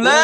lá! Né?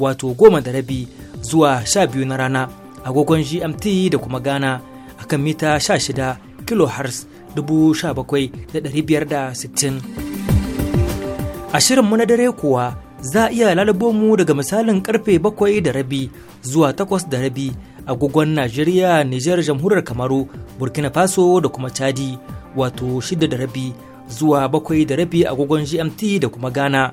wato goma da rabi zuwa sha biyu na rana agogon gmt da kuma ghana a kan mita biyar kilohertz sittin. a shirinmu na dare kuwa za a iya lalabo mu daga misalin karfe bakwai da rabi zuwa takwas da rabi agogon najeriya nijar jamhuriyar kamaru burkina faso da kuma chadi wato shida da rabi zuwa bakwai da rabi agogon gmt da kuma ghana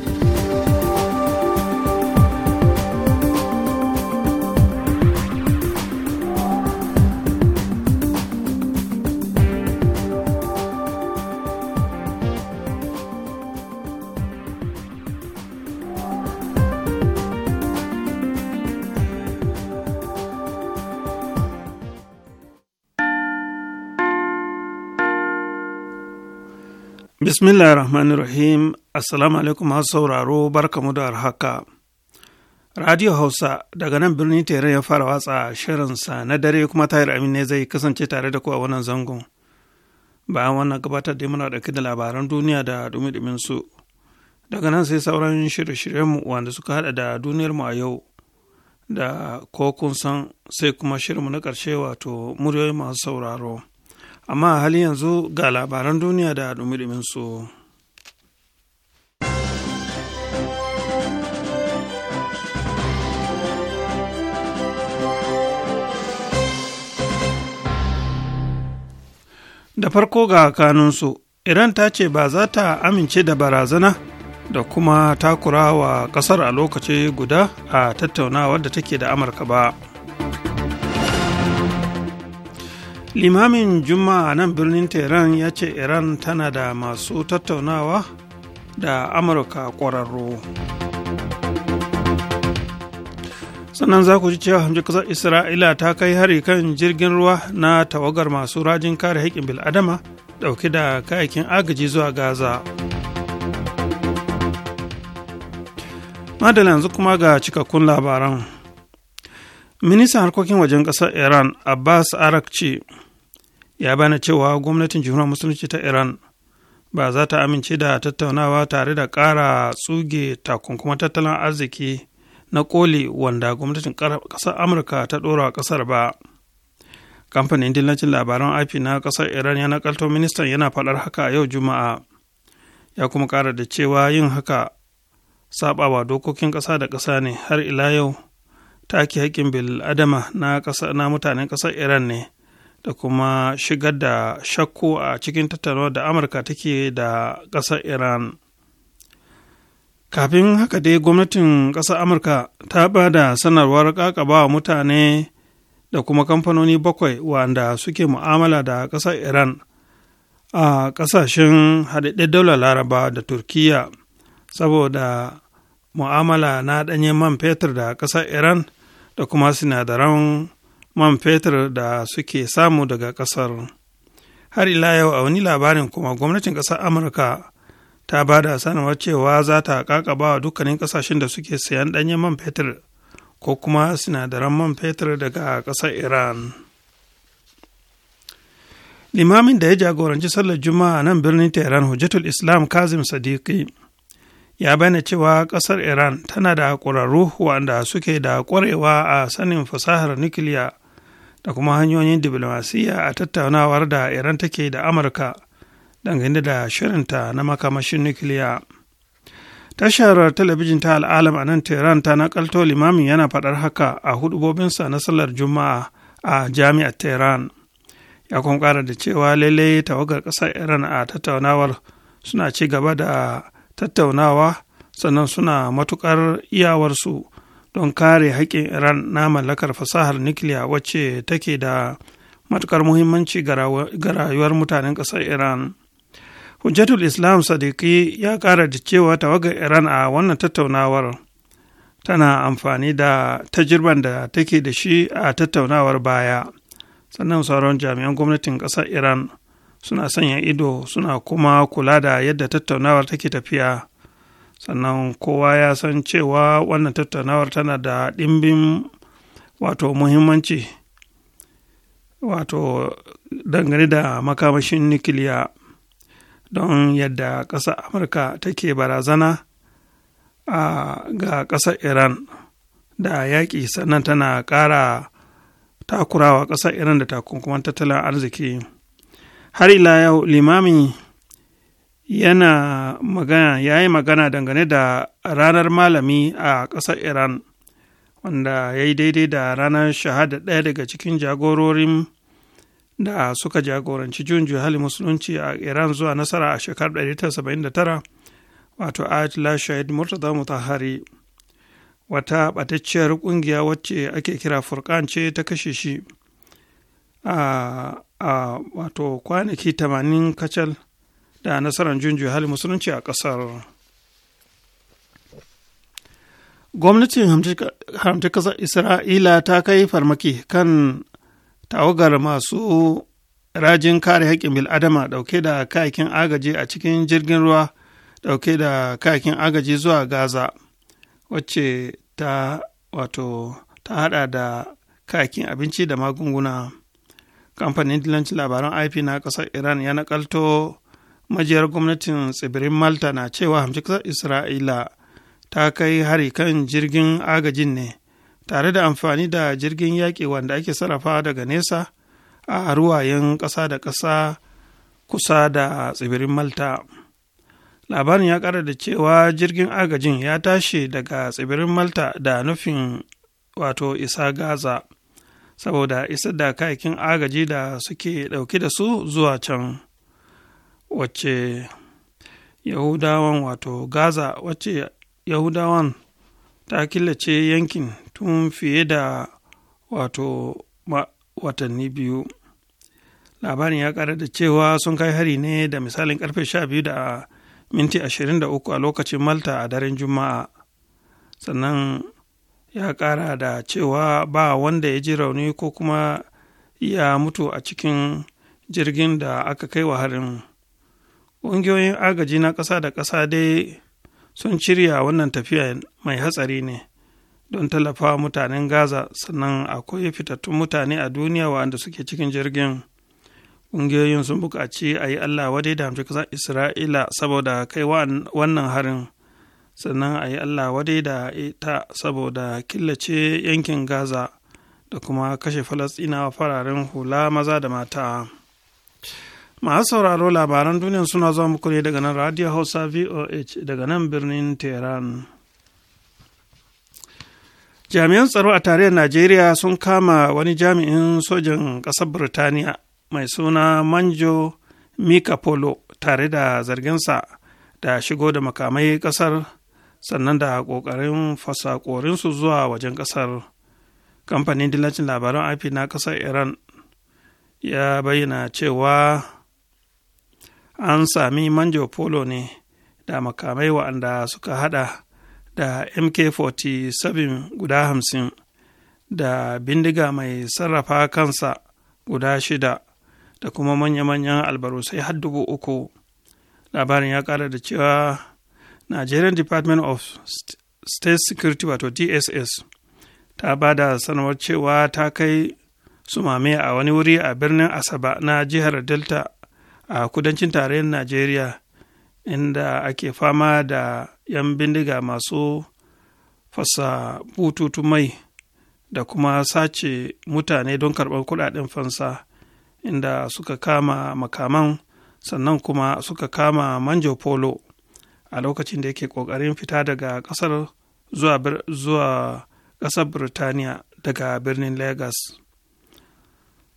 Bismillah rahmanir rahim Assalamu alaikum masu sauraro barkamu da haka. Radio Hausa daga nan birnin tere ya fara watsa shirinsa na dare kuma tayar amin ne zai kasance tare da ku a wannan zangon. Bayan wannan gabatar da muna ɗauki da labaran duniya da dumi su. Daga nan sai sauran shirye-shiryenmu wanda suka haɗa da duniyar mu a yau da ko kun san sai kuma shirinmu na ƙarshe wato muryoyi masu sauraro. amma hali yanzu ga labaran duniya da dumi su. da farko ga kanunsu iran ta ce ba za ta amince da barazana da kuma wa kasar a lokaci guda a tattaunawar da take da amurka ba limamin juma'a nan birnin tehran ya ce iran tana da masu tattaunawa da amurka ƙwararru sannan za ku ji cewa hamji kasar isra'ila ta kai hari kan jirgin ruwa na tawagar masu rajin kare haƙƙin bil'adama ɗauke da kayakin agaji zuwa gaza madalla yanzu kuma ga cikakkun labaran ministan harkokin wajen ƙasar iran abbas arakci ya bana cewa gwamnatin jihunar musulunci ta iran ba za ta amince da tattaunawa tare da ƙara tsuge takunkuma tattalin arziki na koli wanda gwamnatin ƙasar amurka ta ɗora ƙasar ba kamfanin dillacin labaran ip na ƙasar iran ya nakalto ministan yana faɗar haka yau juma'a ya kuma ƙara da cewa yin haka saɓawa dokokin ƙasa da ƙasa ne har ila yau take haƙƙin bil'adama na na mutanen ƙasar iran ne da kuma shigar da shakku a cikin tattaro da amurka take da ƙasar iran kafin haka dai gwamnatin ƙasar amurka ta ba da sanarwar ƙaƙaba wa mutane da kuma kamfanoni bakwai wanda suke mu'amala da ƙasar iran a ƙasashen haɗaɗɗen daular laraba da turkiya saboda mu'amala na ɗanyen man fetur da ƙasar iran da kuma sinadaran man fetur da suke samu daga ƙasar har ila yau a wani labarin kuma gwamnatin ƙasar amurka ta ba da sanarwar cewa za ta kakaba wa dukkanin ƙasashen da suke sayan ɗanyen man fetur ko kuma sinadaran man fetur daga ƙasar iran limamin da ya jagoranci sallar juma'a nan birnin tehran hujjatul islam kazim sadiqi ya bayyana cewa kasar iran tana da ƙwararru wanda suke da ƙwarewa a sanin fasahar nukiliya da kuma hanyoyin diplomasiyya a tattaunawar da iran take da amurka dangane da shirinta na makamashin nukiliya tashar talabijin ta al'alam a nan tehran ta nakalto limamin yana faɗar haka a hudubobinsa na sallar juma'a a jami'ar tehran ya kuma ƙara da cewa lallai tawagar ƙasar iran a tattaunawar suna ci gaba da tattaunawa sannan suna matuƙar iyawarsu don kare haƙƙin iran na mallakar fasahar nukiliya wacce take da matukar muhimmanci ga rayuwar mutanen ƙasar iran hujjatul islam sadiki ya ƙara da cewa tawaga iran a wannan tattaunawar tana amfani da tajirban da take da shi a tattaunawar baya sannan sauran jami'an gwamnatin ƙasar iran suna sanya ido suna kuma kula da yadda tattaunawar take tafiya sannan kowa ya san cewa wannan tattaunawar tana da ɗimbin wato muhimmanci wato dangane da makamashin nukiliya don yadda ƙasa amurka take barazana a ga ƙasa iran da yaƙi sannan tana ƙara takurawa ƙasa iran da takunkuman tattalin arziki har ila yau limamin yana magana ya yi magana dangane da ranar malami a ƙasar iran wanda ya yi daidai da ranar shahada ɗaya daga cikin jagororin da suka jagoranci juyin hali musulunci a iran zuwa nasara a shekarar 1979 wato ayatollah shahid murtaza mutahari wata ɓatacciyar ƙungiya wacce ake kira furkan ce ta kashe shi a wato kwanaki tamanin kacal da nasarar junju hali musulunci a ƙasar gwamnatin hamta ƙasar isra'ila ta kai farmaki kan tawagar masu rajin kare haƙƙin bil'adama ɗauke da kayakin agaji a cikin jirgin ruwa ɗauke da kayakin agaji zuwa gaza wacce ta wato ta haɗa da kayakin abinci da magunguna kamfanin dillancin labaran ip na ƙasar iran ya nakalto majiyar gwamnatin tsibirin malta na cewa hamshi kasar isra'ila ta kai hari kan jirgin agajin ne tare da amfani da jirgin yaƙi wanda ake sarrafa daga nesa a ruwayen ƙasa da ƙasa kusa da tsibirin malta labarin ya ƙara da cewa jirgin agajin ya tashi daga tsibirin malta da nufin wato isa gaza saboda isar da kayakin agaji da suke ɗauke da su zuwa can wacce yahudawan wato gaza wacce yahudawan ta killace yankin tun fiye da wato watanni biyu labarin ya ƙara da cewa sun kai hari ne da misalin karfe 12 da minti 23 a lokacin malta a daren juma'a sannan ya ƙara da cewa ba wanda ya ji rauni ko kuma ya mutu a cikin jirgin da aka kai wa harin ƙungiyoyin agaji na ƙasa da ƙasa dai sun cirya wannan tafiya mai hatsari ne don tallafa mutanen gaza sannan akwai fitattun mutane a duniya waɗanda suke cikin jirgin ƙungiyoyin sun buƙaci a yi allah wadai da hamshi ƙasar isra'ila saboda kai wannan harin sannan a yi allah wadai da ita saboda killace yankin gaza da kuma kashe falasɗinawa fararen hula maza da mata masu sauraro labaran duniya suna zuwa muku ne daga nan radio hausa voh daga nan birnin tehran jami'an tsaro a tarayyar najeriya sun kama wani jami'in sojan ƙasar birtaniya mai suna manjo mika polo tare da zarginsa da shigo da makamai ƙasar sannan da ƙoƙarin fasakorinsu zuwa wajen ƙasar kamfanin dillacin labaran ip na ƙasar iran ya bayyana cewa an sami manjo polo ne da makamai wa'anda suka hada da mk-47 guda hamsin da bindiga mai sarrafa kansa guda shida da kuma manya-manyan albarusai har dubu uku labarin ya ƙara da cewa nigerian department of state security wato dss ta ba da sanarwar cewa ta kai sumame a wani wuri a birnin asaba na jihar delta a kudancin tarayyar najeriya inda ake fama da 'yan bindiga masu fasa bututu mai da kuma sace mutane don karɓar kuɗaɗen fansa inda suka kama makaman sannan kuma suka kama manjo polo a lokacin da yake ƙoƙarin fita daga ƙasar zuwa ƙasar birtaniya daga birnin lagos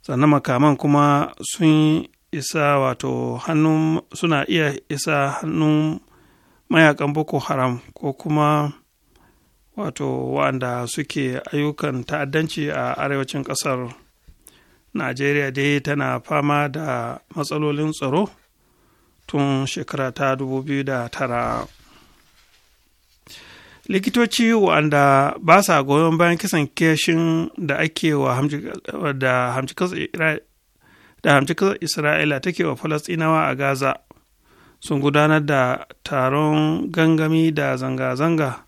sannan makaman kuma sun isa wato hannun suna iya isa hannun mayakan boko haram ko kuma wato waɗanda suke ayyukan ta'addanci a arewacin ƙasar najeriya dai tana fama da matsalolin tsaro tun shekara ta tara likitoci wanda ba sa goyon bayan kisan keshin da ake wa da hamcikar isra'ila take wa falastinawa a gaza sun gudanar da taron gangami da zanga-zanga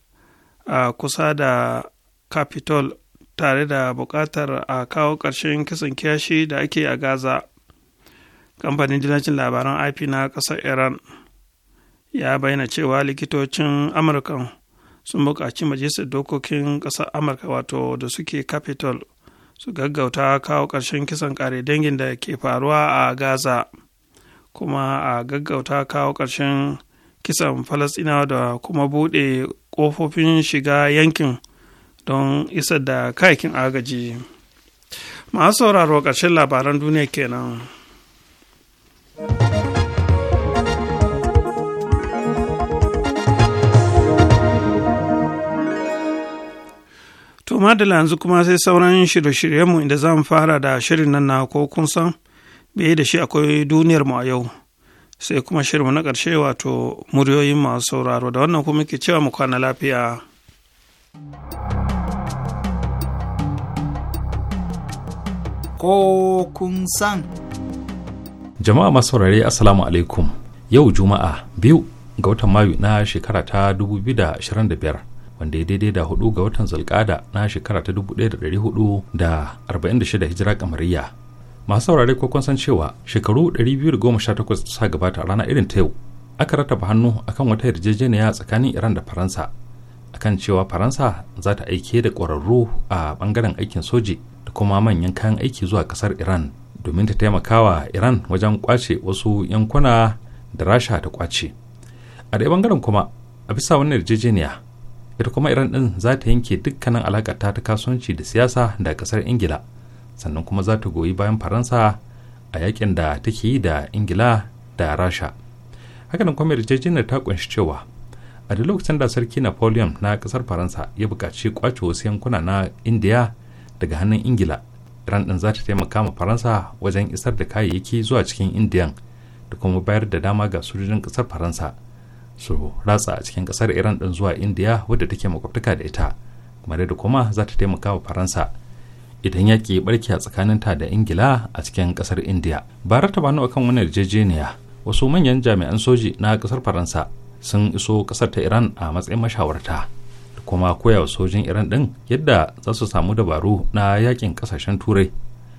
a kusa da capitol tare da bukatar a kawo ƙarshen kisan kashi da ake a gaza kamfanin dinacin labaran ip na ƙasar iran ya bayyana cewa likitocin amurka sun buƙaci majalisar dokokin ƙasar amurka wato da suke capitol su gaggauta kawo ƙarshen kisan ƙare dangin da ke faruwa a gaza kuma a gaggauta kawo ƙarshen kisan falasɗinawa da kuma buɗe ƙofofin shiga yankin don isar da kayakin agaji masu sauraro ƙarshen labaran duniya kenan. To madala yanzu kuma sai sauran shirye-shiryenmu inda zan fara da shirin nan na ko kun san biye da shi akwai duniyar mu a yau sai kuma shirinmu na ƙarshe wato muryoyin masu sauraro da wannan kuma ke cewa mu kwana lafiya. Ko kun san. jama'a masu saurare assalamu alaikum yau juma'a biyu ga watan mayu na shekara ta 2025 wanda ya daidai da hudu ga watan zulkada na shekara ta 1446 hijira kamariya masu saurare ko kun san cewa shekaru 218 sa gabata rana irin ta yau aka rataba hannu akan wata yarjejeniya tsakanin iran da faransa akan cewa faransa za ta aike da ƙwararru a bangaren aikin soji da kuma manyan kayan aiki zuwa ƙasar iran domin ta taimakawa iran wajen kwace wasu yankuna da rasha ta kwace a ɗaya bangaren kuma a bisa wannan yarjejeniya ita kuma iran din za ta yanke dukkanin alakata ta kasuwanci da siyasa da kasar ingila sannan kuma za ta goyi bayan faransa a yakin da take yi da ingila da rasha hakanan kuma yarjejeniyar ta kunshi cewa a duk lokacin da sarki napoleon na kasar faransa ya bukaci kwace wasu yankuna na indiya daga hannun ingila iran din za ta taimaka ma faransa wajen isar da kayayyaki zuwa cikin indiyan da kuma bayar da dama ga sojojin kasar faransa su ratsa a cikin kasar iran din zuwa indiya wadda take makwabtaka da ita kuma da kuma za ta taimaka wa faransa idan yaƙi barki a tsakanin ta da ingila a cikin kasar indiya ba ta bani akan wani yarjejeniya wasu manyan jami'an soji na kasar faransa sun iso kasar ta iran a matsayin mashawarta kuma koya wa sojin iran ɗin yadda za su samu dabaru na yakin kasashen turai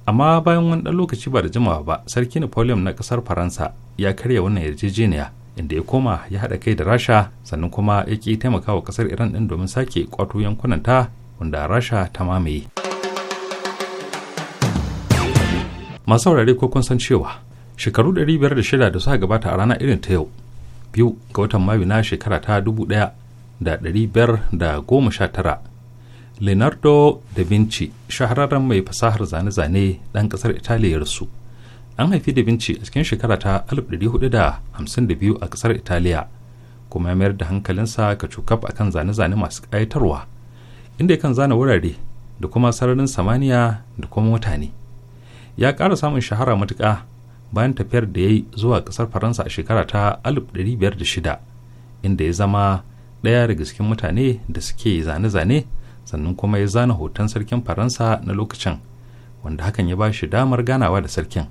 amma bayan wani ɗan lokaci ba da jimawa ba sarki napoleon na ƙasar faransa ya karya wannan yarjejeniya inda ya koma ya haɗa kai da rasha sannan kuma ya ƙi taimakawa ƙasar iran ɗin domin sake ƙwato ta wanda rasha ta mamaye masu saurare ko kun san cewa shekaru 506 da suka gabata a rana irin ta yau biyu ga watan mayu na shekara ta 1000 da tara leonardo da vinci shahararren mai fasahar zane-zane ɗan ƙasar italiya ya rasu an haifi da vinci a cikin shekara ta 1452 a ƙasar italiya kuma ya mayar da hankalinsa ka cukaf a kan zane-zane masu ƙayatarwa inda ya kan zana wurare da kuma sararin samaniya da kuma mutane ya ƙara samun shahara matuƙa bayan tafiyar da ya yi zuwa ƙasar faransa a shekara ta shida inda ya zama ɗaya daga cikin mutane da suke zane-zane sannan kuma ya zana hoton sarkin faransa na lokacin wanda hakan ya ba shi damar ganawa da sarkin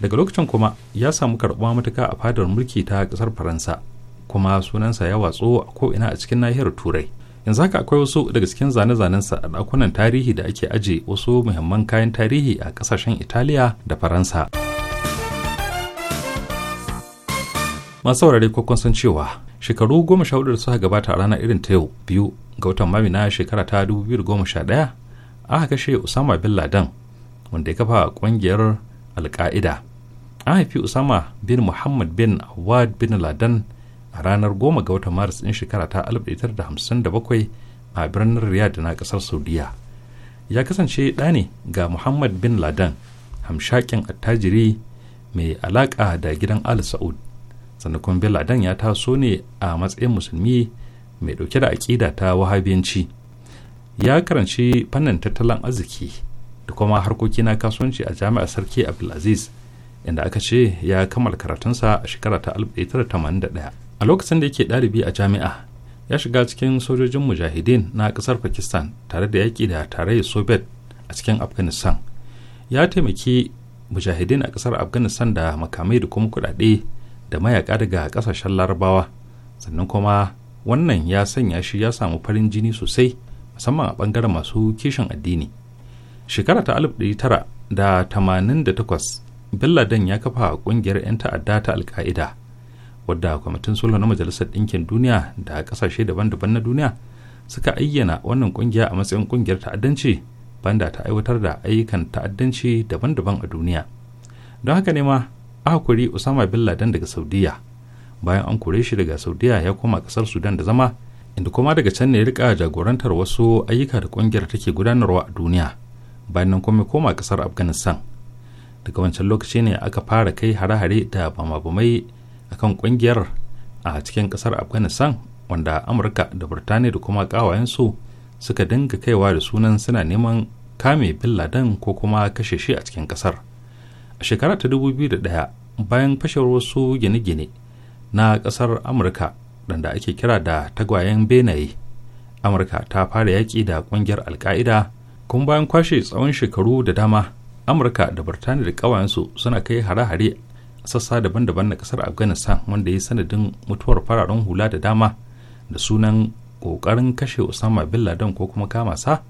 daga lokacin kuma ya samu karɓuwa matuka a fadar mulki ta ƙasar faransa kuma sunansa ya watso a ina a cikin nahiyar turai yanzu haka akwai wasu daga cikin zane-zanensa a ɗakunan tarihi da ake aje wasu muhimman kayan tarihi a ƙasashen italiya da faransa masu saurare kokon sun cewa shekaru goma sha hudu da suka gabata a rana irin ta yau biyu ga watan mami na shekara ta 2011 aka kashe usama bin laden wanda ya kafa kungiyar alka'ida an haifi usama bin muhammad bin awad bin ladan a ranar goma ga watan maris din shekara ta 1957 a birnin riyad na kasar saudiya ya kasance ɗa ne ga muhammad bin laden hamshakin attajiri mai alaƙa da gidan al saud sannan kuma bin laden ya taso ne a matsayin musulmi mai dauke da aƙida ta wahabiyanci ya karanci fannin tattalin arziki da kuma harkoki na kasuwanci a jami'ar sarki abdulaziz inda aka ce ya kammala karatunsa a shekara ta 1981 a lokacin da yake ɗalibi a jami'a ya shiga cikin sojojin mujahideen na ƙasar pakistan tare da yaƙi da tarayyar soviet a cikin afghanistan ya taimaki mujahideen a ƙasar afghanistan da makamai da kuma kuɗaɗe da mayaka daga kasashen larabawa sannan kuma wannan ya sanya shi ya samu farin jini sosai musamman a bangaren masu kishin addini shekara ta da 1988 bin laden ya kafa ƙungiyar 'yan ta'adda ta alka'ida wadda kwamitin sulhu na majalisar ɗinkin duniya da ƙasashe daban-daban na duniya suka ayyana wannan ƙungiya a matsayin kungiyar ta'addanci banda ta aiwatar da ayyukan ta'addanci daban-daban a duniya don haka ne ma aka kori Usama bin Laden daga Saudiya bayan an kore shi daga Saudiya ya koma kasar Sudan da zama inda kuma daga can ne ya rika jagorantar wasu ayyuka da kungiyar take gudanarwa a duniya bayan nan kuma koma kasar Afghanistan daga wancan lokaci ne aka fara kai hare-hare da bama-bamai akan kungiyar a cikin kasar Afghanistan wanda Amurka da burtaniya da kuma kawayensu suka dinga kaiwa da sunan suna neman kame bin laden ko kuma kashe shi a cikin kasar a shekara ta 2001 bayan fashewar wasu gine-gine na ƙasar amurka da ake kira da tagwayen benaye amurka ta fara yaƙi da ƙungiyar alka'ida kuma bayan kwashe tsawon shekaru da dama amurka da birtaniya da ƙawayensu suna kai hare-hare sassa daban-daban na ƙasar afghanistan wanda ya sanadin mutuwar fararen hula da dama da sunan ƙoƙarin kashe osama bin laden ko kuma kama sa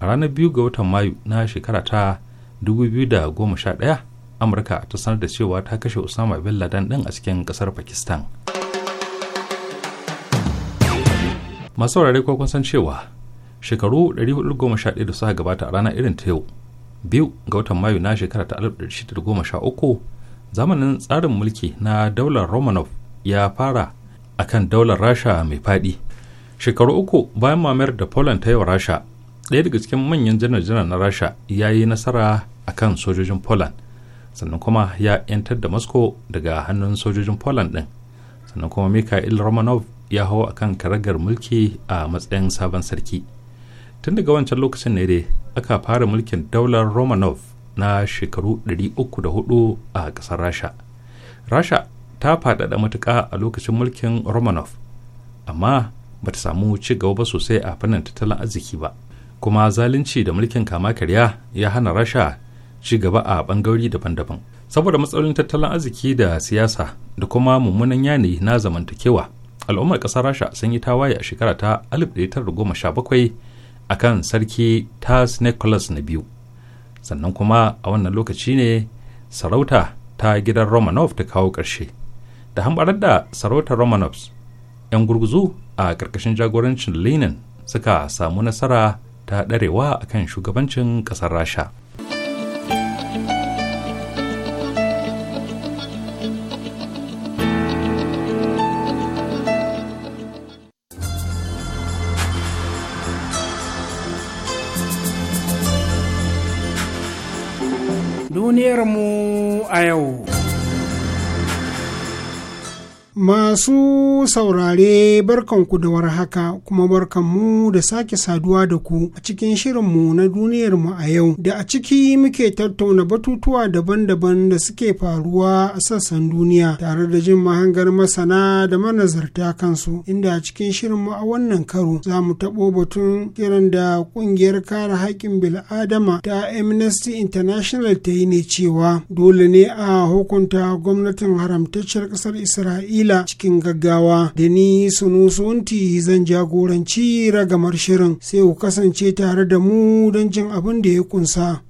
a ranar biyu ga watan mayu na shekara ta 2011 amurka ta sanar da cewa ta kashe usama bin laden din a cikin ƙasar pakistan masu wurare ko kun san cewa shekaru 411 da suka gabata a rana irin ta yau biyu ga watan mayu na shekara ta 1613 zamanin tsarin mulki na daular romanov ya fara akan daular rasha mai fadi shekaru uku bayan mamayar da poland ta yi wa rasha ɗaya daga cikin manyan janar-janar na rasha ya yi nasara akan sojojin poland sannan kuma ya 'yantar da moscow daga hannun sojojin poland din sannan kuma mikhail romanov ya hau akan karagar mulki a matsayin sabon sarki tun daga wancan lokacin ne dai aka fara mulkin daular romanov na shekaru 304 a ƙasar rasha rasha ta faɗaɗa matuƙa a lokacin mulkin romanov amma ba ta samu ci gaba ba sosai a fannin tattalin arziki ba kuma zalunci da mulkin kama karya ya hana rasha ci gaba a bangarori daban-daban saboda matsalolin tattalin arziki da siyasa da kuma mummunan yanayi na zamantakewa al'ummar ƙasar rasha sun yi tawaye a shekara ta 1917 a kan sarki tas nicholas na biyu sannan kuma a wannan lokaci ne sarauta ta gidan romanov ta kawo ƙarshe da hambarar da sarautar romanovs 'yan gurguzu a ƙarƙashin jagorancin lenin suka samu nasara ta ɗarewa akan shugabancin ƙasar rasha mu a yau. Masu saurare barkanku da warhaka kuma barkanmu da sake saduwa da ku a cikin shirin mu na duniyarmu a yau da a ciki muke tattauna batutuwa daban-daban da suke faruwa a sassan duniya tare da jin mahangar masana da manazarta kansu inda a cikin mu a wannan karo za mu taɓo batun kiran da ƙungiyar kare haƙƙin bil'adama ta Amnesty International ta yi ne cewa dole ne a hukunta gwamnatin haramtacciyar ƙasar Isra'ila Isra'ila cikin gaggawa da ni sunusunti zan jagoranci ragamar shirin sai ku kasance tare da mu don jin abin da ya kunsa.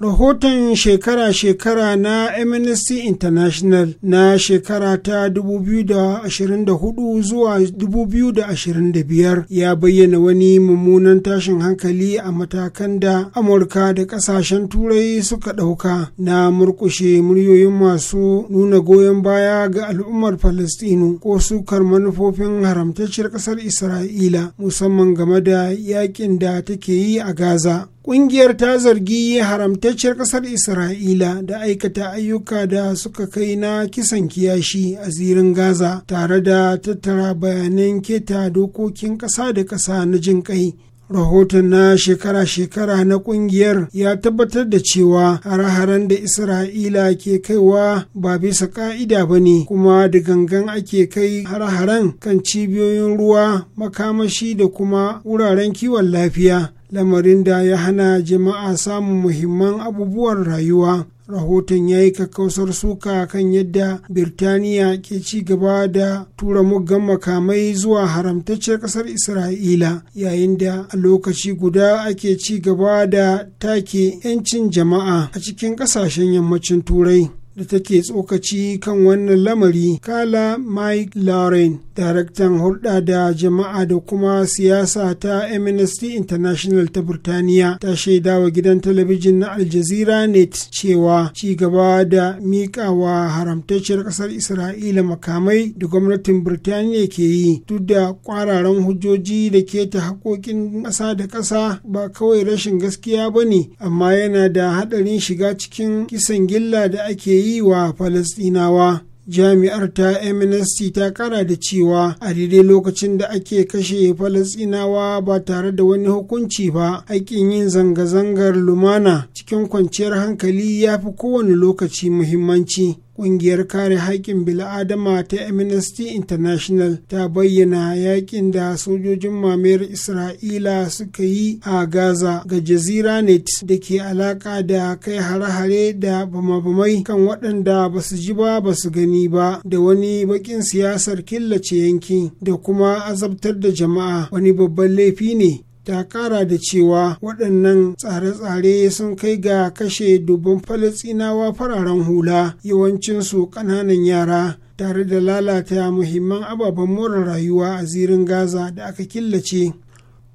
rahoton shekara-shekara na amnesty international na shekara ta 2024 zuwa 2025 ya bayyana wani mummunan tashin hankali a matakan da amurka da kasashen turai suka ɗauka na murkushe muryoyin masu nuna goyon baya ga al'ummar palestinu ko sukar manufofin haramtacciyar ƙasar isra'ila musamman game da yakin da take yi a gaza Ƙungiyar ta zargi haramtacciyar ƙasar Isra'ila da aikata ayyuka da suka kai na kisan kiyashi a zirin Gaza tare da tattara bayanan keta dokokin ƙasa da ƙasa na jin ƙai rahoton na shekara-shekara na ƙungiyar ya tabbatar da cewa hare-haren da isra'ila ke kaiwa ba bisa ka'ida ba ne kuma da gangan ake kai hare-haren kan cibiyoyin ruwa makamashi da kuma wuraren kiwon lafiya lamarin da ya hana jama'a samun muhimman abubuwan rayuwa rahoton ya yi kakkausar suka kan yadda birtaniya ke ci gaba da tura muggan makamai zuwa haramtacciyar ƙasar isra'ila yayin da a lokaci guda ake ci gaba da take 'yancin jama'a a cikin ƙasashen yammacin turai da take tsokaci kan wannan lamari kala mike lauren daraktan hulɗa da jama'a da kuma siyasa ta mnst international ta burtaniya ta shaida wa gidan talabijin na aljazeera net cewa ci gaba da miƙawa haramtacciyar ƙasar isra'ila makamai da gwamnatin burtaniya ke yi duk da kwararan hujjoji da ke ta haƙoƙin ƙasa da ƙasa ba kawai rashin gaskiya ba ne amma yana da haɗarin shiga cikin kisan gilla da ake yi wa falastinawa jami'ar ta amnesty ta kara da cewa a daidai lokacin da ake kashe falasinawa ba tare da wani hukunci ba aikin yin zanga-zangar lumana cikin kwanciyar hankali ya fi kowane lokaci muhimmanci Ƙungiyar kare haƙƙin bil'adama ta Amnesty International ta bayyana yakin da sojojin mamayar Isra'ila suka yi a Gaza ga Jazira Net da ke alaƙa da kai hare-hare da bama-bamai kan waɗanda ba su ji ba ba su gani ba da wani baƙin siyasar killace yankin da kuma azabtar da jama'a wani babban laifi ne ta kara da cewa waɗannan tsare-tsare sun kai ga kashe dubban falasinawa fararen hula yawancinsu ƙananan yara tare da lalata muhimman ababen more rayuwa a zirin gaza da aka killace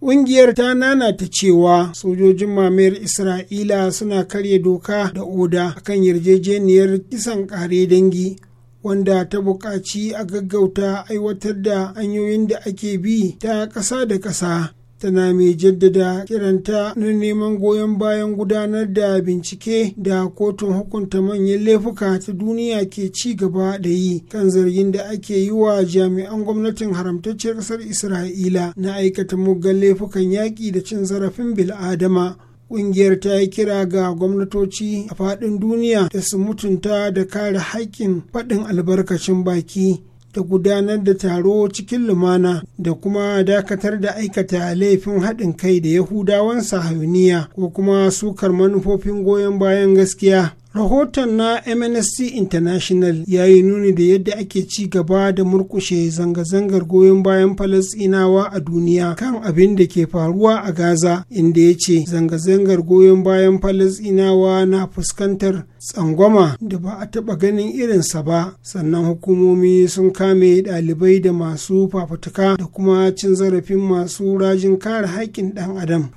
Ƙungiyar ta nanata cewa sojojin mamayar Isra'ila suna karya doka da oda akan yarjejeniyar kisan ƙare dangi wanda ta buƙaci a gaggauta aiwatar da hanyoyin da ake bi ta ƙasa da ƙasa tana mai jaddada kiranta na neman goyon bayan gudanar da bincike da kotun hukunta manyan laifuka ta duniya ke ci gaba da yi kan zargin da ake yi wa jami'an gwamnatin haramtacciyar ƙasar isra'ila na aikata muggan laifukan yaƙi da cin zarafin bil'adama Ƙungiyar ta yi kira ga gwamnatoci a faɗin duniya da su mutunta da kare haƙƙin faɗin albarkacin baki ta gudanar da taro cikin lumana da kuma dakatar da aikata laifin haɗin kai da yahudawan sahayuniya ko kuma sukar manufofin goyon bayan gaskiya Rahoton na MNSC International ya yi nuni da yadda ake ci gaba da murkushe zanga-zangar goyon bayan Falasɗinawa a duniya kan abin da ke faruwa a Gaza, inda ya ce zanga-zangar goyon bayan Falasɗinawa na fuskantar tsangwama da ba a taɓa ganin irinsa ba, sannan hukumomi sun kame ɗalibai da masu fafutuka da kuma cin zarafin masu rajin kare haƙƙin ɗan adam.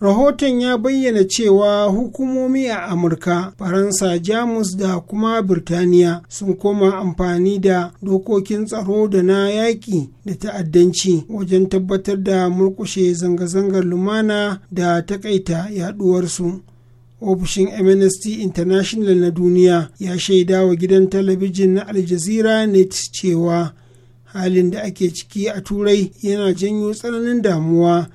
rahoton ya bayyana cewa hukumomi a amurka faransa jamus da kuma birtaniya sun koma amfani da dokokin tsaro da na yaƙi da ta'addanci wajen tabbatar da murkushe zanga-zangar lumana da takaita yaduwarsu ofishin MNST international na duniya ya shaida wa gidan talabijin na aljazeera net cewa halin da ake ciki a turai yana janyo tsananin damuwa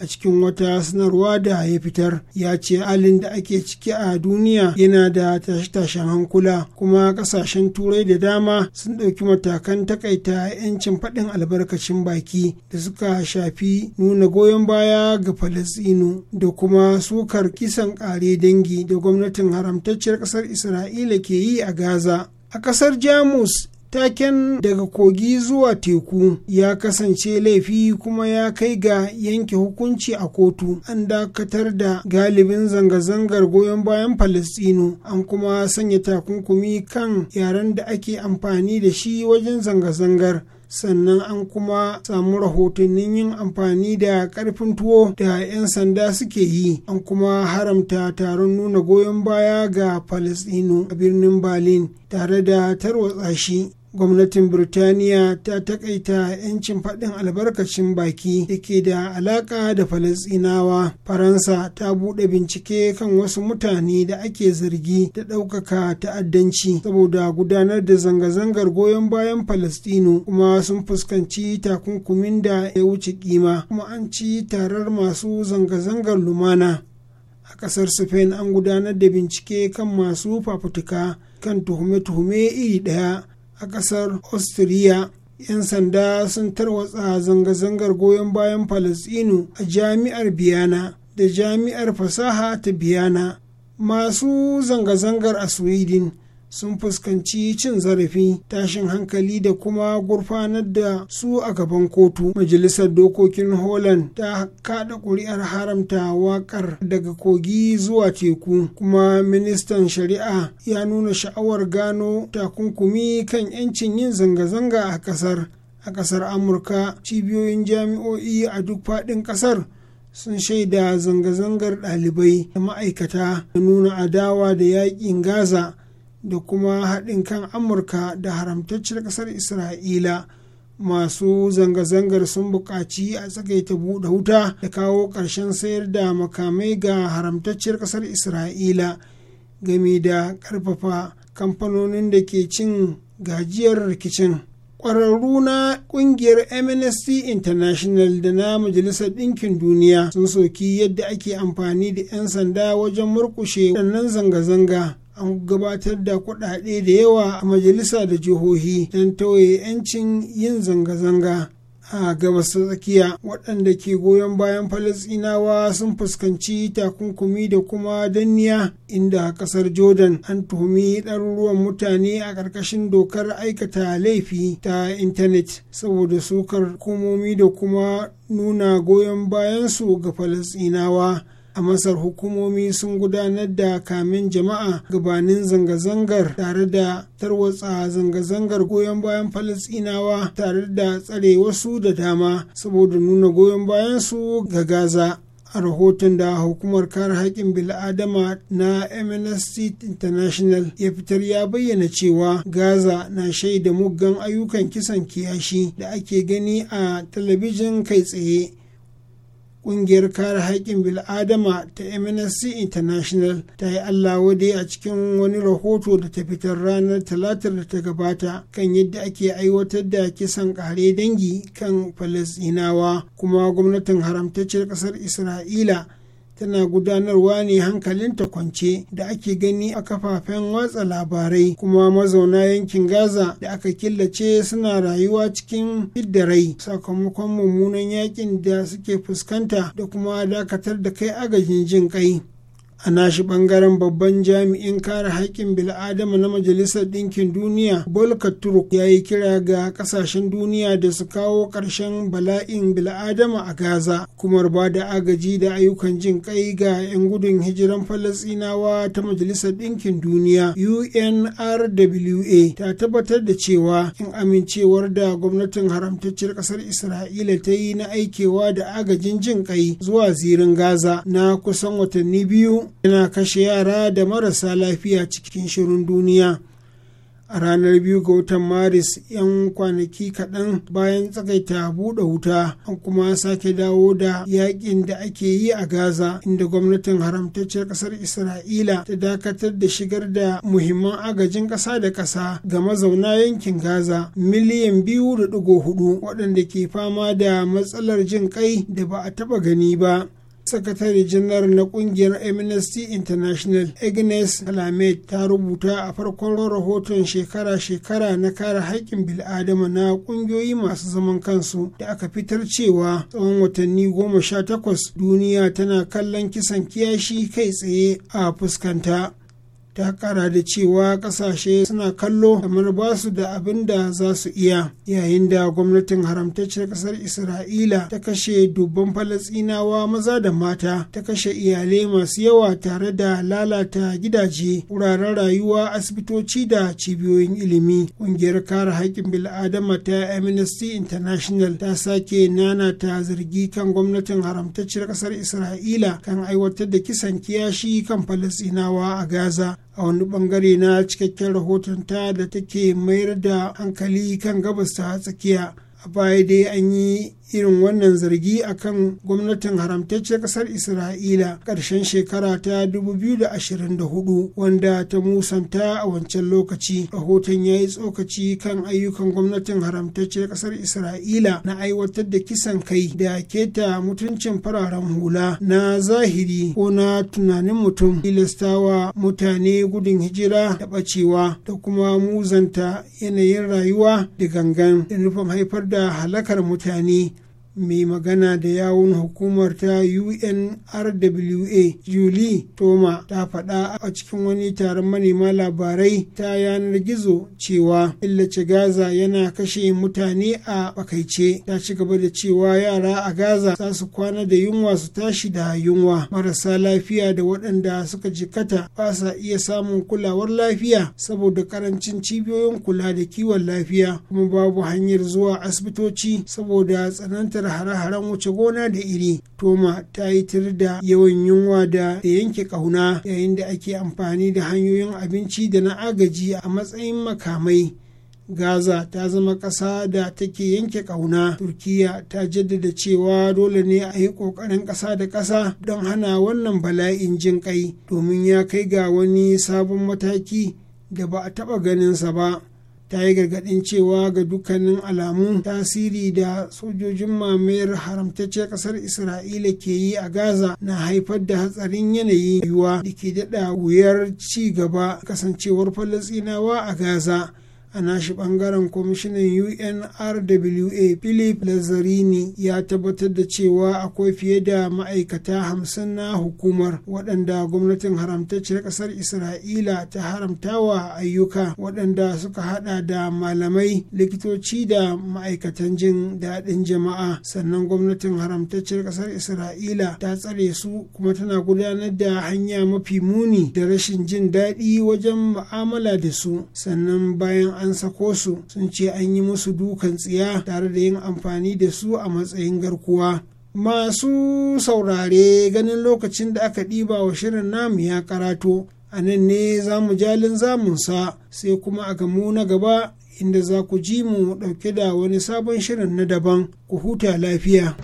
a cikin wata sanarwa da ya fitar ya ce Alin da ake ciki a duniya yana da tashe-tashen hankula kuma kasashen turai da dama sun ɗauki matakan takaita 'yancin faɗin albarkacin baki da suka shafi nuna goyon baya ga falasino da kuma sukar kisan ƙare dangi da gwamnatin haramtacciyar ƙasar isra'ila ke yi a gaza a ƙasar jamus taken daga kogi zuwa teku ya kasance laifi kuma ya kai ga yanke hukunci a kotu an dakatar da galibin zanga-zangar goyon bayan palestino an kuma sanya takunkumi kan yaren da ake amfani da shi wajen zanga-zangar sannan an kuma samu rahotannin yin amfani da karfin tuwo da 'yan sanda suke yi an kuma haramta taron nuna goyon baya ga palestino a birnin berlin tare da tarwatsa shi gwamnatin birtaniya ta takaita 'yancin faɗin albarkacin baki da ke da alaƙa da falasinawa faransa ta buɗe bincike kan wasu mutane da ake zargi da ɗaukaka ta'addanci saboda gudanar da zanga-zangar goyon bayan falastinu kuma sun fuskanci takunkumin da ya wuce kima kuma an ci tarar masu zanga-zangar lumana a ƙasar spain an gudanar da bincike kan masu fafutuka kan tuhume-tuhume iri ɗaya a ƙasar austria 'yan sanda sun tarwatsa zanga-zangar goyon bayan falasɗinu a jami'ar biyana da jami'ar fasaha ta biyana masu zanga-zangar a sweden sun fuskanci cin zarafi tashin hankali da kuma gurfanar da su a gaban kotu majalisar dokokin holland ta kada kuri'ar haramta wakar daga kogi zuwa teku kuma ministan shari'a ya nuna sha'awar gano takunkumi kan 'yancin yin zanga-zanga a kasar a kasar amurka cibiyoyin jami'o'i a duk faɗin kasar sun shaida zanga-zangar ɗalibai da ma'aikata da nuna adawa da yaƙin gaza da kuma haɗin kan amurka da haramtacciyar ƙasar isra'ila masu zanga-zangar sun buƙaci a tsagaita buɗe wuta da kawo ƙarshen sayar da makamai ga haramtacciyar ƙasar isra'ila game da ƙarfafa kamfanonin da ke cin gajiyar rikicin ƙwararru na ƙungiyar amnesty international da na majalisar ɗinkin duniya sun soki yadda ake amfani da 'yan sanda wajen murƙushe waɗannan zanga-zanga an gabatar da kuɗaɗe da yawa a majalisa da jihohi don tauye 'yancin yin zanga-zanga a gabas ta tsakiya waɗanda ke goyon bayan falasinawa sun fuskanci takunkumi da kuma danniya inda a ƙasar jordan an tuhumi ɗaruruwan mutane a ƙarƙashin dokar aikata laifi ta intanet saboda sukar hukumomi da kuma nuna goyon bayansu ga falasinawa a masar hukumomi sun gudanar da kamin jama'a gabanin zanga-zangar tare da tarwatsa zanga-zangar goyon bayan falasinawa tare da tsare wasu da dama saboda nuna goyon bayan su ga gaza a rahoton da hukumar kare haƙƙin bil'adama na amnesty international ya fitar ya bayyana cewa gaza na shaida muggan ayyukan kisan kiyashi da ake gani a talabijin kai tsaye kungiyar kare haƙƙin bil'adama ta amnesty international ta yi allah wadai a cikin wani rahoto da ta fitar ranar talatar da ta gabata kan yadda ake aiwatar da kisan kare dangi kan falasɗinawa kuma gwamnatin haramtaccen ƙasar isra'ila tana gudanarwa ne hankalinta kwance da ake gani a kafafen watsa labarai kuma mazauna yankin gaza da aka killace suna rayuwa cikin rai sakamakon mummunan yakin da suke fuskanta da kuma dakatar da kai agajin jin kai a nashi bangaren babban jami'in kare haƙƙin bil'adama na majalisar ɗinkin duniya bolka turk ya yi kira ga ƙasashen duniya da su kawo ƙarshen bala'in bil'adama a gaza kuma ba da agaji da ayyukan jin kai ga 'yan gudun hijiran falasinawa ta majalisar ɗinkin duniya unrwa ta tabbatar da cewa in amincewar da gwamnatin haramtacciyar ƙasar isra'ila ta yi na aikewa da agajin jin kai zuwa zirin gaza na kusan watanni biyu yana kashe yara da marasa lafiya cikin shirin duniya a ranar biyu ga watan maris 'yan kwanaki kaɗan bayan tsakaita buɗe wuta an kuma sake dawo da yakin da ake yi a gaza inda gwamnatin haramtacciyar ƙasar isra'ila ta dakatar da shigar da muhimman agajin ƙasa da ƙasa ga mazauna yankin gaza miliyan biyu da ɗigo hudu waɗanda ke fama da matsalar jin kai da ba a taɓa gani ba sakatare janar na kungiyar amnesty international agnes lamed ta rubuta a farkon rahoton shekara-shekara na kare haƙƙin bil'adama na ƙungiyoyi masu zaman kansu da aka fitar cewa tsawon watanni goma sha takwas duniya tana kallon kisan kiyashi kai tsaye a fuskanta ta kara da cewa kasashe suna kallo kamar ba su da abin da za su iya yayin da gwamnatin haramtacciyar kasar isra'ila ta kashe dubban falasinawa maza da mata ta kashe iyalai masu yawa tare da lalata gidaje wuraren rayuwa asibitoci da cibiyoyin ilimi ƙungiyar kare haƙƙin bil'adama ta amnesty international ta sake nana ta zargi kan gwamnatin haramtacciyar kasar isra'ila kan aiwatar da kisan kiyashi kan falasinawa a gaza a wani bangare na cikakken rahoton ta da take mayar da hankali kan gabas ta tsakiya a baya dai an yi irin wannan zargi akan gwamnatin haramtacce ƙasar isra'ila ƙarshen shekara ta 2024 wanda ta musanta a wancan lokaci rahoton ya yi tsokaci kan ayyukan gwamnatin haramtacce ƙasar isra'ila na aiwatar da kisan kai da keta mutuncin fararen hula na zahiri ko na tunanin mutum tilastawa mutane gudun hijira da ɓacewa da kuma muzanta yanayin rayuwa da gangan da nufin haifar da halakar mutane mai magana da yawun hukumar ta unrwa julie toma ta faɗa a cikin wani taron manema labarai ta yanar gizo cewa illace gaza yana kashe mutane a bakaice ta ci gaba da cewa yara a gaza za su kwana da yunwa su tashi da yunwa marasa lafiya da waɗanda suka jikata ba sa iya samun kulawar lafiya saboda karancin cibiyoyin kula da kiwon lafiya kuma babu hanyar zuwa asibitoci saboda tsanantar matsalar hare-haren wuce gona da iri toma ta yi tir da yawan yunwa da yanke ƙauna yayin da ake amfani da hanyoyin abinci da na agaji a matsayin makamai Gaza ta zama ƙasa da take yanke ƙauna. Turkiya ta jaddada cewa dole ne a yi ƙoƙarin ƙasa da ƙasa don hana wannan bala'in jin ƙai domin ya kai ga wani sabon mataki da ba a taɓa ganinsa ba. ta yi gargaɗin cewa ga dukkanin alamu tasiri da sojojin mamayar haramtaccen ƙasar isra'ila ke yi a gaza na haifar da hatsarin yanayi yiwuwa da ke daɗa wuyar ci gaba kasancewar falasinawa a gaza a nashi bangaren kwamishinan unrwa philip lazzarini ya tabbatar da cewa akwai fiye da ma'aikata hamsin na hukumar waɗanda gwamnatin haramtacciyar ƙasar isra'ila ta haramtawa ayyuka waɗanda suka haɗa da malamai likitoci da ma'aikatan jin daɗin jama'a sannan gwamnatin haramtacciyar ƙasar isra'ila ta tsare su kuma tana gudanar da hanya mafi muni da rashin jin daɗi wajen mu'amala da su sannan bayan an an sako su sun ce an yi musu dukan tsiya tare da yin amfani da su a matsayin garkuwa masu saurare ganin lokacin da aka ɗiba wa shirin namu ya karato a nan ne za mu jalin zamunsa sai kuma a gamu na gaba inda za ku ji mu ɗauke da wani sabon shirin na daban ku huta lafiya.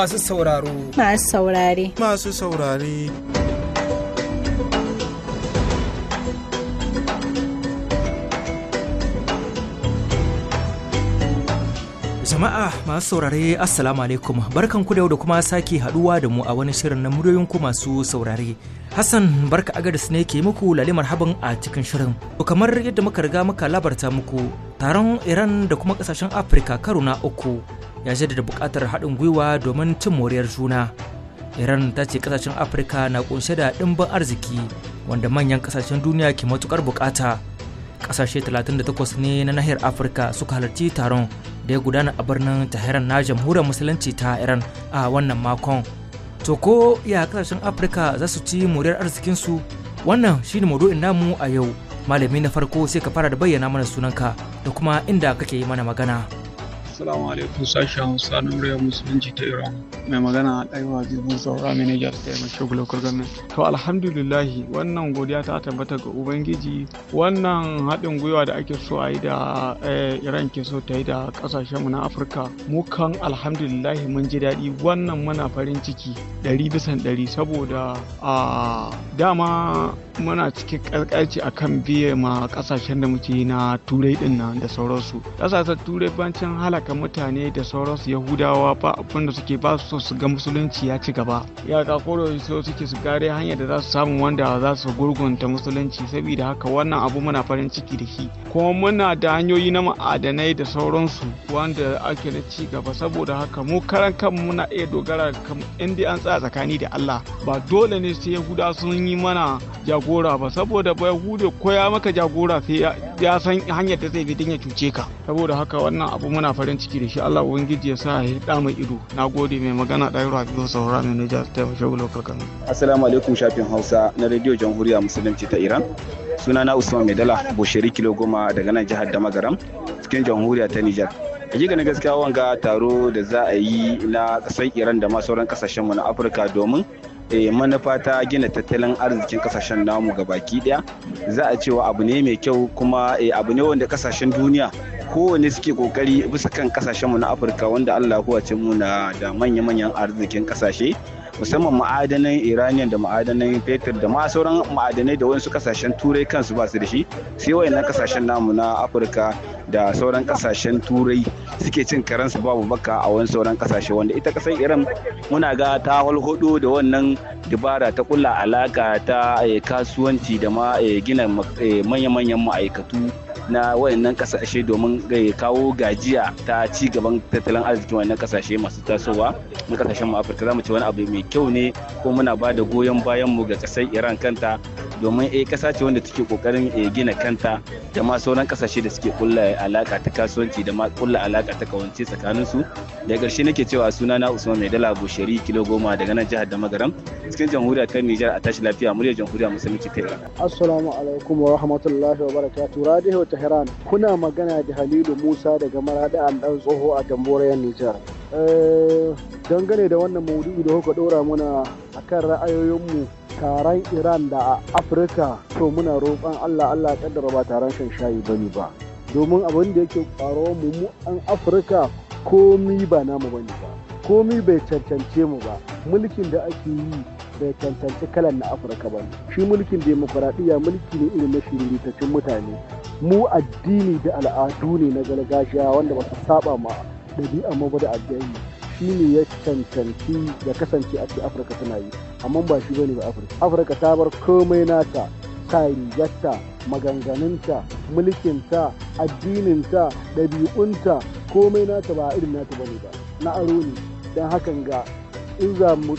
masu sauraro. Masu saurare. Masu saurare. Jama'a masu saurare Assalamu alaikum ku da yau da kuma sake haduwa da mu a wani shirin na muryoyin ku masu saurare. Hassan barka agadis ne ke muku lalimar marhaban a cikin shirin. Kamar yadda muka riga muka labarta muku taron Iran da kuma kasashen Afirka karo na uku ya da bukatar haɗin gwiwa domin cin moriyar juna iran ta ce kasashen afirka na kunshe da ɗimbin arziki wanda manyan kasashen duniya ke matukar bukata kasashe 38 ne na nahiyar afirka suka halarci taron da ya gudana a birnin tahiran na jamhuriyar musulunci ta iran a wannan makon to ko ya kasashen afirka za su ci moriyar arzikinsu wannan shine maudu'in namu a yau malami na farko sai ka fara da bayyana mana sunanka da kuma inda kake yi mana magana. Assalamu alaikum sashen Hausa na murya Musulunci ta Iran. Mai magana a ɗaiwa Zibin Saura Manager ta Yamma Shogul Government. To alhamdulillahi wannan godiya ta tabbata ga Ubangiji wannan haɗin gwiwa da ake so a yi da eh, Iran ke so ta yi da ƙasashenmu na Afirka. Mu kan alhamdulillahi mun ji daɗi wannan muna farin ciki ɗari bisan ɗari saboda a dama muna cikin ƙarƙarci kan biye ma ƙasashen da muke na turai ɗin nan da sauransu. Ƙasashen turai bancin halaka kan mutane da sauransu yahudawa ba abin da suke ba su so su ga musulunci ya ci gaba iyaka ko so suke su gare hanyar da za su samu wanda za su gurgunta musulunci saboda haka wannan abu muna farin ciki da shi kuma muna da hanyoyi na ma'adanai da sauransu wanda ake na ci gaba saboda haka mu karan kan muna iya dogara kan inda an tsaya tsakani da Allah ba dole ne sai yahuda sun yi mana jagora ba saboda ba yahuda koya maka jagora sai ya san hanyar da zai bi din ya cuce ka saboda haka wannan abu muna farin ciki da shi Allah ubangiji ya sa ya mai ido na gode mai magana ɗayar biyu saura mai nijar ta yaushe lokal kano assalamu alaikum shafin hausa na rediyo jamhuriya musulunci ta iran suna sunana usman maidala bushiri kilo goma daga nan jihar damagaram cikin jamhuriya ta nijar hakika na gaskiya wanga taro da za a yi na kasar iran da ma sauran kasashenmu na afirka domin e, manufa ta gina tattalin arzikin kasashen namu ga baki daya za a cewa abu ne mai kyau kuma eh, abu ne wanda kasashen duniya kowane suke kokari bisa kan kasashenmu na afirka wanda allah kowace mu na da manya-manyan arzikin kasashe musamman ma'adanan iranian da ma'adanan fetur da ma sauran ma'adanai da wasu kasashen turai kansu ba su da shi sai wayannan kasashen namu na afirka da sauran kasashen turai suke cin karansu babu baka a wani sauran kasashe wanda ita kasar iran muna ga ta hulhudu da wannan dabara ta kula alaka ta eh, kasuwanci da ma eh, gina eh, manya-manyan ma'aikatu na wayannan kasashe domin kawo gajiya ta ci gaban tattalin arzikin wayannan kasashe masu tasowa na kasashen mu afirka za mu ci wani abu mai kyau ne ko muna ba da goyon bayan mu ga kasar iran kanta domin a eh, kasa ce wanda take kokarin eh, gina kanta da ma sauran kasashe da suke kulla alaka ta kasuwanci da ma kulla alaka ta kawance tsakanin su da ƙarshe nake cewa suna na usman mai dala bushari kilo goma daga nan jihar da magaram cikin jamhuriyar kan nijar a tashi lafiya muryar jamhuriyar musulunci ta iran assalamu alaikum wa rahmatullahi wa barakatuh radio tehran kuna magana da halilu musa daga marada an dan tsoho a tamboriyar nijar eh, dangane da wannan maudu'i da kuka dora kira muna akan ra'ayoyinmu taron iran da a afirka to muna roƙon allah allah kaddara ba taron shan shayi bane ba domin abin da yake ƙaruwa mu mu an afirka komi ba namu bane ba komi bai cancance mu ba mulkin da ake yi bai cancanci kalan na afirka ba shi mulkin demokuraɗiyya mulki ne irin na shirin mutane mu addini da al'adu ne na gargajiya wanda ba su saba ma ɗabi'a mu ba da addini shi ne ya cancanci ya kasance a cikin afirka tana yi amma ba shi bane ba afirka afirka ta bar komai nata sa maganganunta mulkinta addininta ɗabi'unta komai nata ba irin nata bane ba na aro ne don hakan ga in za mu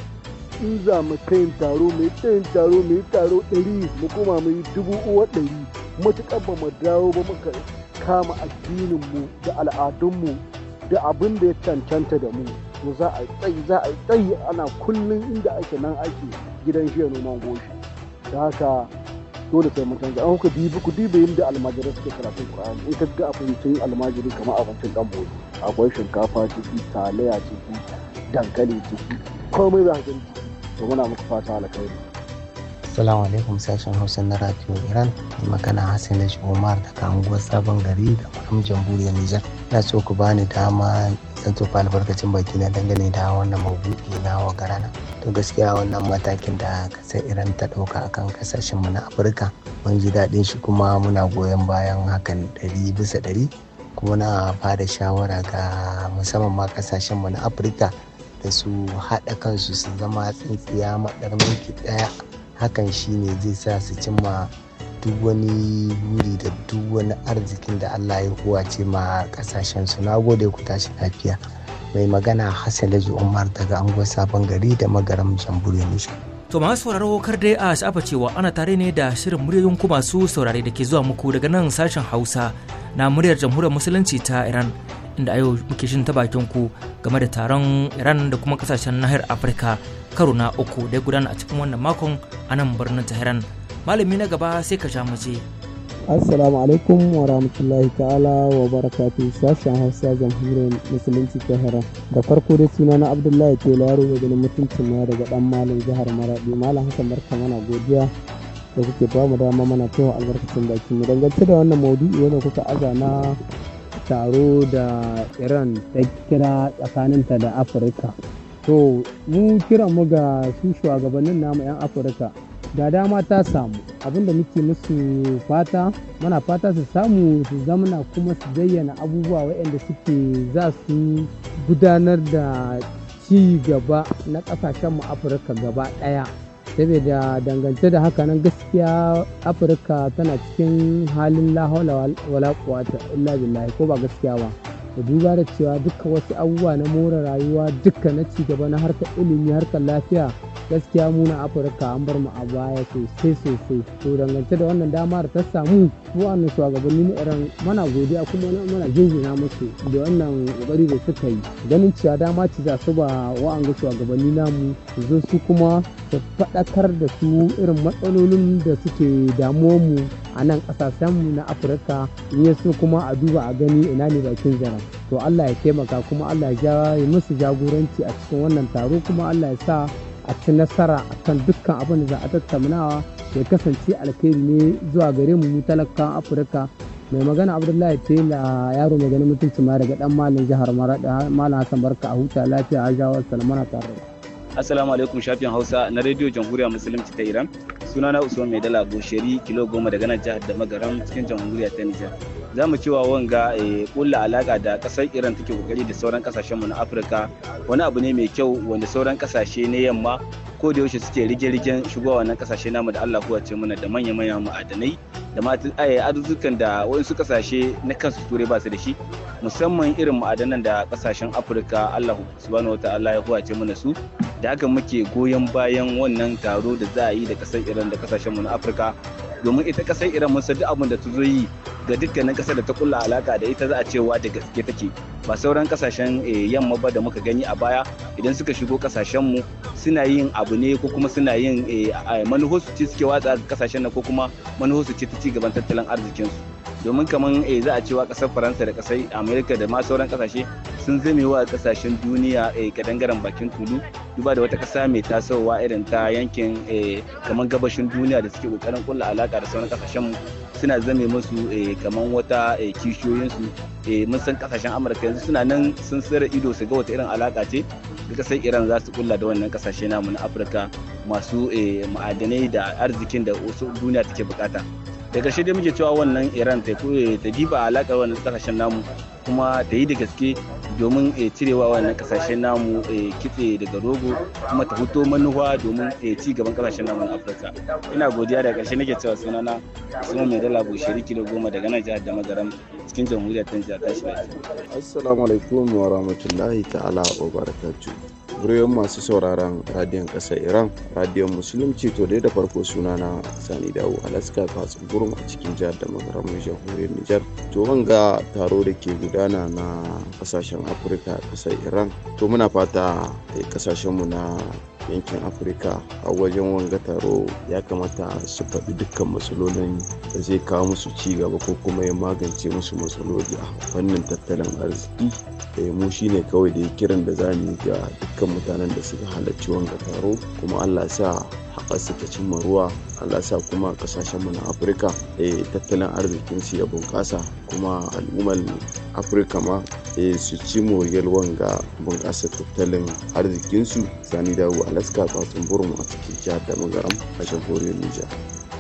in taro mai yi taro mai taro ɗari mu koma mu yi dubu uwa ɗari matuƙar ba mu dawo ba muka kama addininmu da al'adunmu da abin da ya cancanta da mu to za a tsayi za a tsayi ana kullum inda ake nan ake gidan shi noman goshi da haka dole sai mun canza an kuka dibi ku dibi inda almajirai suke karatun qur'ani in ka ga abincin almajiri kamar abincin dan bodo akwai shinkafa ciki taliya ciki dankali ciki komai za ka gani to muna muku fata alkhairi Assalamu alaikum sashen Hausa na Radio Iran. Magana Hassan Laji Umar daga unguwar Sabon Gari da Jamhuriyar Nijar. ina so ku bani dama zan tofa albarkacin baki na dangane da wannan mabuɗi na wagarana to gaskiya wannan matakin da kasar iran ta ɗauka akan kasashen mu na afirka mun ji daɗin shi kuma muna goyon bayan hakan ɗari bisa ɗari kuma na fara shawara ga musamman ma kasashen mu na afirka da su haɗa kansu su zama tsintsiya maɗar mulki ɗaya hakan shine zai sa su cimma duk wani buri da duk wani arzikin da Allah ya ce ma kasashen su na gode ku tashi lafiya mai magana Hassan da Umar daga anguwar Sabon Gari da magaram Jamhuriyar Nijar. To masu sauraro kar dai a sha'afa cewa ana tare ne da shirin muryoyin ku masu saurare da ke zuwa muku daga nan sashen Hausa na muryar Jamhuriyar Musulunci ta Iran inda a muke shin ta bakin ku game da taron Iran da kuma kasashen nahiyar Afirka karo na uku da ya gudana a cikin wannan makon a nan birnin Tehran. malami na gaba sai ka ja muje assalamu alaikum wa rahmatullahi ta'ala wa barakatu sashen hausa jamhuriyar musulunci ta da farko dai suna na abdullahi tela yaro da ganin mutuncin ma daga dan malam jihar maradi malam hassan barka mana godiya da kuke ba mu dama mana cewa albarkacin baki mu dangance da wannan maudu'i wanda kuka aza na taro da iran ta kira tsakaninta da afirka to mu kiran mu ga su shugabannin namu 'yan afirka da dama ta samu abinda muke musu fata muna fata su samu su zamana kuma su zayyana abubuwa waɗanda suke za su gudanar da ci gaba na mu afirka gaba ɗaya saboda dangance da haka nan gaskiya afirka tana cikin halin lahaula wala ta illa billahi ko ba gaskiya ba da duba da cewa duka wasu abubuwa na more rayuwa duka na cigaba na harkar ilimi harkar lafiya gaskiya mu na afirka an bar mu a baya sosai sosai to dangance da wannan dama da ta samu su shugabanni na iran mana godiya kuma mana jinjina musu da wannan kokari da suka yi ganin cewa dama ci za su ba wa'anga shugabanni namu zo su kuma su faɗakar da su irin matsalolin da suke damuwa a nan ƙasashenmu na afirka in su kuma a duba a gani ina ne bakin jara to allah ya taimaka kuma allah ya musu jagoranci a cikin wannan taro kuma allah ya sa a ci nasara a kan dukkan abin da za a tattaunawa ya kasance alkhairi ne zuwa gare mu talaka afirka mai magana abdullahi tela yaro mai ganin mutunci ma daga dan malin jihar maraɗa malin hassan barka a huta lafiya a jawar salmana tare Assalamu alaikum shafin Hausa na Radio Jamhuriya Musulunci ta Iran. Sunana Usman Maidala Gosheri kilo goma daga nan jihar da magaram cikin Jamhuriya ta Nijar. Za mu cewa wanga eh, kulla alaka da kasar Iran take kokari da sauran kasashen mu na Afirka wani abu ne mai kyau wanda sauran kasashe ne yamma ko da yaushe suke rige-rigen shigowa wannan kasashe namu da Allah kuwa ce mana da manya-manyan ma'adanai da ma eh, arzikan da wasu kasashe na kansu turai ba su da shi musamman irin ma'adanan da kasashen Afirka Allah subhanahu wa ya kuwa ce mana su da haka muke goyon bayan wannan taro da za a yi da kasar iran da kasashen mu na afirka domin ita kasar iran mun san abin da ta zo yi ga dukkanin kasar da ta kulla alaka da ita za a cewa da gaske take ba sauran kasashen eh, yamma ba da muka gani a baya idan suka shigo kasashen mu suna yin abu ne ko kuma suna yin eh, manuhosu suke watsa kasashen na ko kuma manuhosu ce ta ci gaban tattalin arzikinsu. domin kamar eh za a cewa kasar faransa da kasar amerika da ma sauran kasashe sun zame wa kasashen duniya eh kadangaren bakin tulu duba da wata kasa mai tasowa irin ta yankin eh kamar gabashin duniya da suke kokarin kulla alaka da sauran kasashen suna zame musu eh kamar wata eh kishiyoyinsu eh, mun san kasashen amurka yanzu suna nan sun tsira ido su ga wata irin alaka ce da kasar iran za su kulla da wannan kasashe namu na afirka masu eh, ma'adanai da arzikin da wasu duniya take bukata daga shi dai muke cewa wannan iran ta diba alaƙar wannan ƙasashen namu kuma da yi da gaske domin eh, cirewa wannan kasashen namu eh, kitse daga rogo kuma ta hoto manuwa domin eh, ci gaban kasashen namu na afirka ina godiya da ƙarshe nake cewa sunana usman mai dala bushiri kilo goma daga nan jihar da magaram cikin jamhuriyar ta jihar tashi assalamu alaikum wa rahmatullahi ta'ala wa barakatuh muryoyin masu sauraron radiyon ƙasar iran radiyon musulunci to dai da farko sunana na sani dawo alaska fatsin gurum a cikin jihar da magaram jamhuriyar nijar to wanga taro da ke gudana na kasashen afirka kasar iran to muna fata eh, kasashenmu na yankin afirka a wajen wanga taro ya kamata su faɗi dukkan matsalolin da zai kawo musu ci gaba ko kuma ya magance musu matsaloli a fannin tattalin arziki da eh, shi ne kawai da ya kiran da za mu yi ga dukkan mutanen da suka halarci wanga taro kuma allah sa haƙarsa ta cimma ruwa allah sa kuma ƙasashenmu na afirka eh, tattalin arzikin su ya bunƙasa kuma al'ummar afirka ma eh, su ci moriyar wanga bunƙasa tattalin arzikinsu sani dawo alaska tsatsun burin a cikin jihar da a jamhuriyar nijar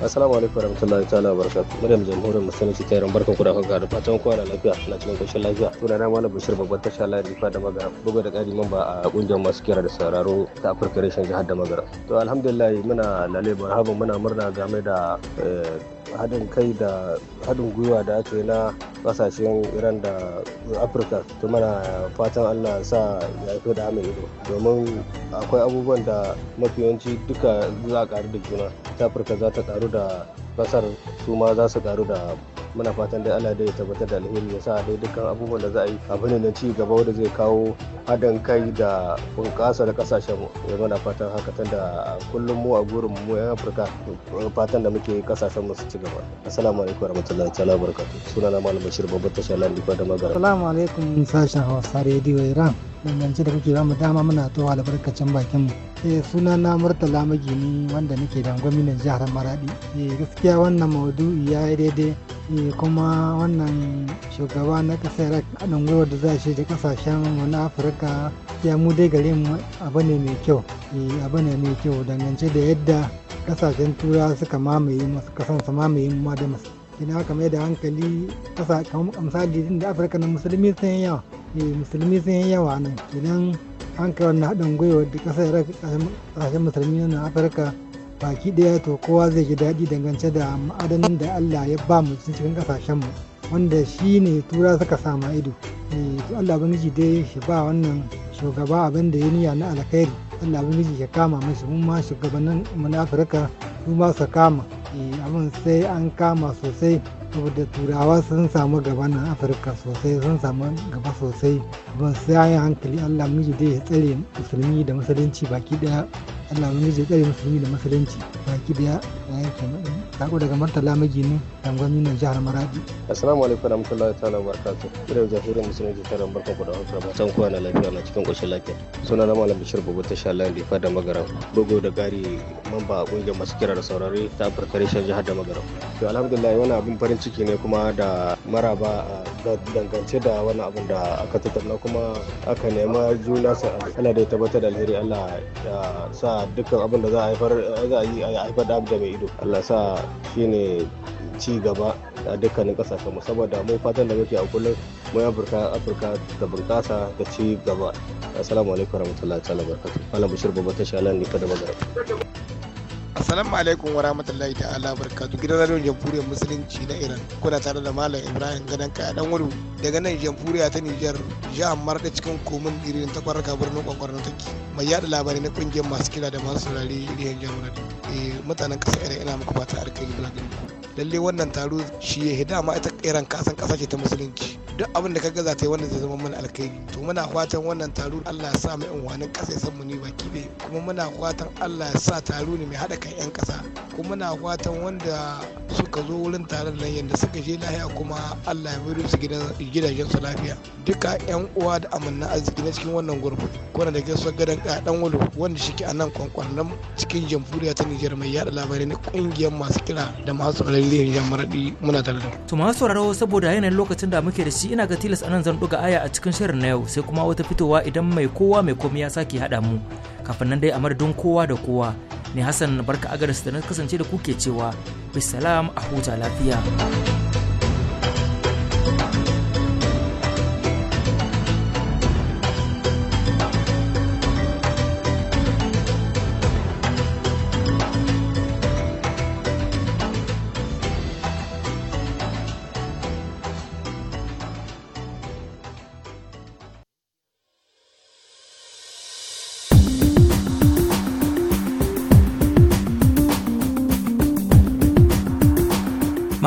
Assalamu alaikum warahmatullahi ta'ala barakatuh. Maryam Jamhuriyar Musulunci ta yaran barkan ku da haka da fatan kowa na lafiya na cikin koshin lafiya. Tuna na Malam Bashir babban tasha layin rifa da magara. Bugu da ƙari mamba a ƙungiyar masu kira da sauraro ta Afirka Reshen Jihar da magara. To alhamdulillah muna lalle marhaban muna murna game da eh, haɗin kai da haɗin gwiwa da ake na ƙasashen iran da afirka ta mana fatan allah sa ya fi da mai ido domin akwai abubuwan da mafiyanci duka za a ƙaru da juna ta afirka za ta ƙaru da kasar su ma za su karu da muna fatan dai Allah ya tabbatar da alheri ya sa dai dukkan abubuwan da za a yi ne na ci gaba wanda zai kawo haɗin kai da bunƙasa da ƙasashen mu ya eh, muna fatan haka tunda kullum mu a gurin mu yan Afirka eh, fatan da muke ƙasashen mu su ci gaba assalamu alaikum warahmatullahi ta'ala barakatuh sunana malam Bashir babbar tashar Landi da Magana assalamu alaikum sashen Hausa Radio Iran dangance da kuke mu dama muna to albarkacin bakin mu eh suna na murtala magini wanda nake da gwamnatin jihar maradi eh gaskiya wannan maudu'i ya yi daidai eh kuma wannan shugaba na kasar nan gwiwa da za shi da kasashen wani afirka ya mu dai gare mu abu ne mai kyau eh abu ne mai kyau dangance da yadda kasashen turawa suka mamaye suka san su mamaye mu ma da kenan haka mai da hankali kasa kamar misali din da afirka na musulmi sun yawa eh, musulmi sun yi yawa nan kenan hankali wannan haɗin gwiwa da ƙasar ƙasashen musulmi na afirka baki ɗaya to kowa zai ji daɗi dangance da ma'adanin da allah ya ba mu cikin mu. wanda shi ne tura suka sama ido eh, to allah ubangiji dai shi ba wannan shugaba abin da ya niya na alkhairi allah ubangiji ya kama mashi mu ma shugabannin mu na afirka su ma su kama Eh, abin sai an kama sosai saboda turawa sun samu gaba nan afirka sosai sun samu gaba sosai abin sai an yi hankali allah miji dai ya tsare musulmi da musulunci baki ɗaya. Allah wani zai kare musulmi da musulunci baki daya ya yake Da sako daga Murtala Magini Dangwami na jihar Maradi Assalamu alaikum warahmatullahi ta'ala wabarakatuh jahirin musulmi musulunci ta barka ku da Hausa ba san kowa na lafiya na cikin koshin lafiya suna na Malam Bishir Babu ta Shallan da fada magaran bugu da gari mamba a kungiyar masu kira da saurare ta Afirka reshen jihar da magaran to alhamdulillah wani abin farin ciki ne kuma da maraba da dangance da wani abin da aka tattauna kuma aka nema juna sa Allah da ya tabbatar da alheri Allah ya sa dukkan abin da za a haifar za a yi a haifar da abin da mai ido Allah sa shine ci gaba a dukkanin kasashen mu saboda mu fatan da muke a kullum mu Afirka Afirka da bunƙasa da ci gaba assalamu alaikum warahmatullahi ta'ala barakatuh bashir babban tashalan ne ka magana Assalamu alaikum wa rahmatullahi ta'ala barkatu gidan radiyon jamhuriyar musulunci na Iran kuna tare da Malam Ibrahim Gadan Kaya dan wadu daga nan jamhuriya ta Nijar jihar Marda cikin komin irin ta kwarraka birnin kwakwar take mai yada labarai na kungiyar masu kira da masu saurare irin jamhuriyar eh, mutanen kasa Iran ina muku fata alkai gidan lalle wannan taro shi ya hida ma ita iran kasan kasa ce ta musulunci duk abin da ka gaza ta yi wannan zai zama mana alkhairi to muna fatan wannan taro Allah ya sa mu yan kasa ya san mu ne baki ɗaya kuma muna fatan Allah ya sa taro ne mai haɗa kan yan kasa kuma muna fatan wanda suka zo wurin taron nan yadda suka je lahiya kuma Allah ya bari su gidajen su lafiya duka yan uwa da amanna arziki na cikin wannan gurbi kuna da gaisuwar gadon ɗan wulu wanda shi ke a nan kwankwannan cikin jamhuriya ta Nijar mai yada labarai na ƙungiyar masu kira da masu rediyon jan maraɗi muna tare da to masu sauraro saboda yanayin lokacin da muke da shi ina ga tilas anan zan ɗuga aya a cikin shirin na yau sai kuma wata fitowa idan mai kowa mai komai ya sake haɗa mu kafin nan dai a don kowa da kowa ne hassan barka agaris da na kasance da kuke cewa bisalam a huta lafiya.